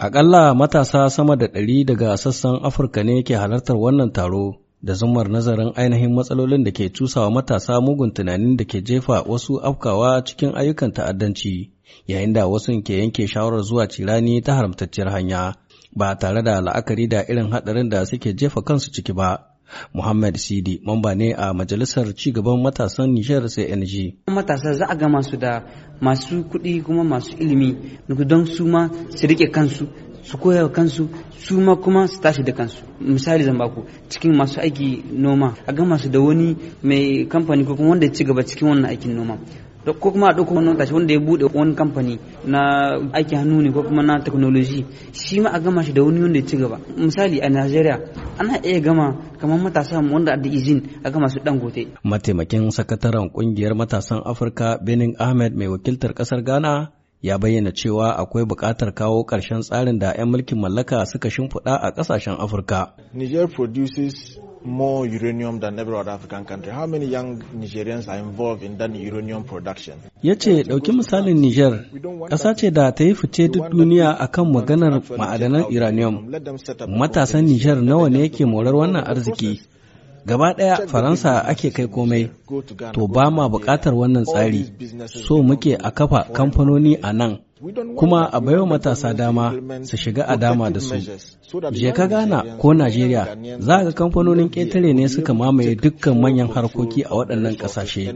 Aƙalla matasa sama da ɗari daga sassan Afirka ne ke halartar wannan taro da zumar nazarin ainihin matsalolin da ke cusawa matasa mugun tunanin da ke jefa wasu afkawa cikin ayyukan ta'addanci, yayin da wasu ke yanke shawarar zuwa cirani ta haramtacciyar hanya, ba tare da la'akari da irin haɗarin da suke jefa kansu ciki ba. Muhammad Sidi mamba ne a majalisar cigaban matasan Nijar CNG. Matasa za a ga masu da masu kuɗi kuma masu ilimi don su ma su rike kansu su koya kansu su ma kuma su tashi da kansu misali zan baku cikin masu aiki noma a ga masu da wani mai kamfani ko kuma wanda ya ci gaba cikin wannan aikin noma ko kuma a ɗauko wani tashi wanda ya buɗe wani kamfani na aiki hannu ne ko kuma na technology shi ma a gama shi da wani wanda ya ci gaba misali a Najeriya ana iya gama kamar matasan wanda da izin aka masu su gote. Mataimakin sakataren kungiyar matasan Afirka Benin Ahmed mai wakiltar kasar Ghana ya bayyana cewa akwai bukatar kawo ƙarshen tsarin da 'yan mulkin mallaka suka shimfiɗa a ƙasashen Afirka. Niger produces more uranium than every other African country. How many young Nigerians are involved in that uranium production? Ya ce ɗauki misalin Niger, ƙasa ce da ta yi fice duk duniya akan maganar ma'adanan uranium. Matasan Niger nawa ne yake morar wannan arziki? gaba ɗaya faransa ake kai komai to ba ma buƙatar wannan tsari so muke a kafa kamfanoni a nan kuma a baiwa matasa dama su shiga a dama da su je ka gana ko najeriya za ga kamfanonin ƙetare ne suka mamaye dukkan manyan harkoki a waɗannan ƙasashe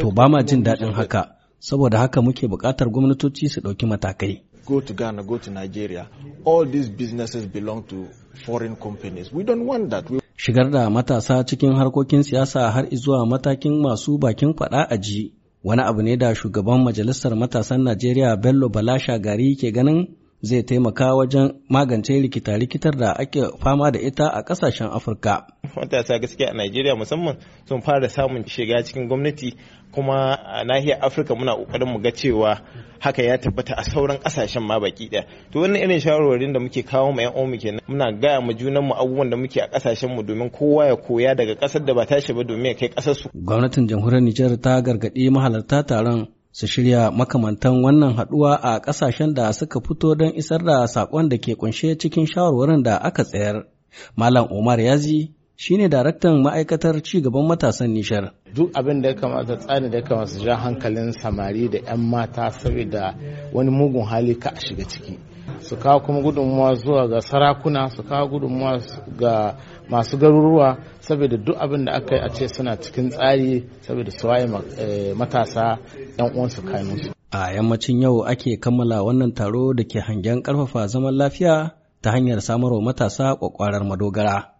to ba ma jin daɗin haka saboda haka muke buƙatar gwamnatoci su ɗauki matakai. Go to Ghana, go to Nigeria. All these businesses belong to foreign companies. We don't want that. We shigar da matasa cikin harkokin siyasa har izuwa matakin masu bakin faɗa a ji wani abu ne da shugaban majalisar matasan najeriya bello balasha gari ke ganin zai taimaka wajen magance rikita-rikitar da ake fama da ita a kasashen afirka matasa gaskiya a najeriya musamman sun fara samun shiga cikin gwamnati kuma a nahiyar afirka muna kokarin mu ga cewa haka ya tabbata a sauran kasashen ma baki daya to wannan irin shawarwarin da muke kawo ma yan uwanmu kenan muna gaya mu junan mu abubuwan da muke a kasashen mu domin kowa ya koya daga kasar da ba tashi ba domin ya kai kasar su gwamnatin jamhuriyar Nijar ta gargadi mahalarta taron su shirya makamantan wannan haɗuwa a ƙasashen da suka fito don isar da saƙon da ke ƙunshe cikin shawarwarin da aka tsayar. Malam Umar Yazi shine daraktan ma'aikatar cigaban matasan nishar. Duk abin da ya kamata tsani da ya kamata ja hankalin samari da 'yan mata saboda wani mugun hali ka a shiga ciki. Su kawo kuma gudunmuwa zuwa ga sarakuna, su kawo gudunmuwa ga masu garuruwa saboda duk abin da aka yi a ce suna cikin tsari saboda su waye eh, matasa 'yan uwansu kanu. A yammacin yau ake kammala wannan taro da ke hangen ƙarfafa zaman lafiya ta hanyar samarwa matasa kwakwarar madogara.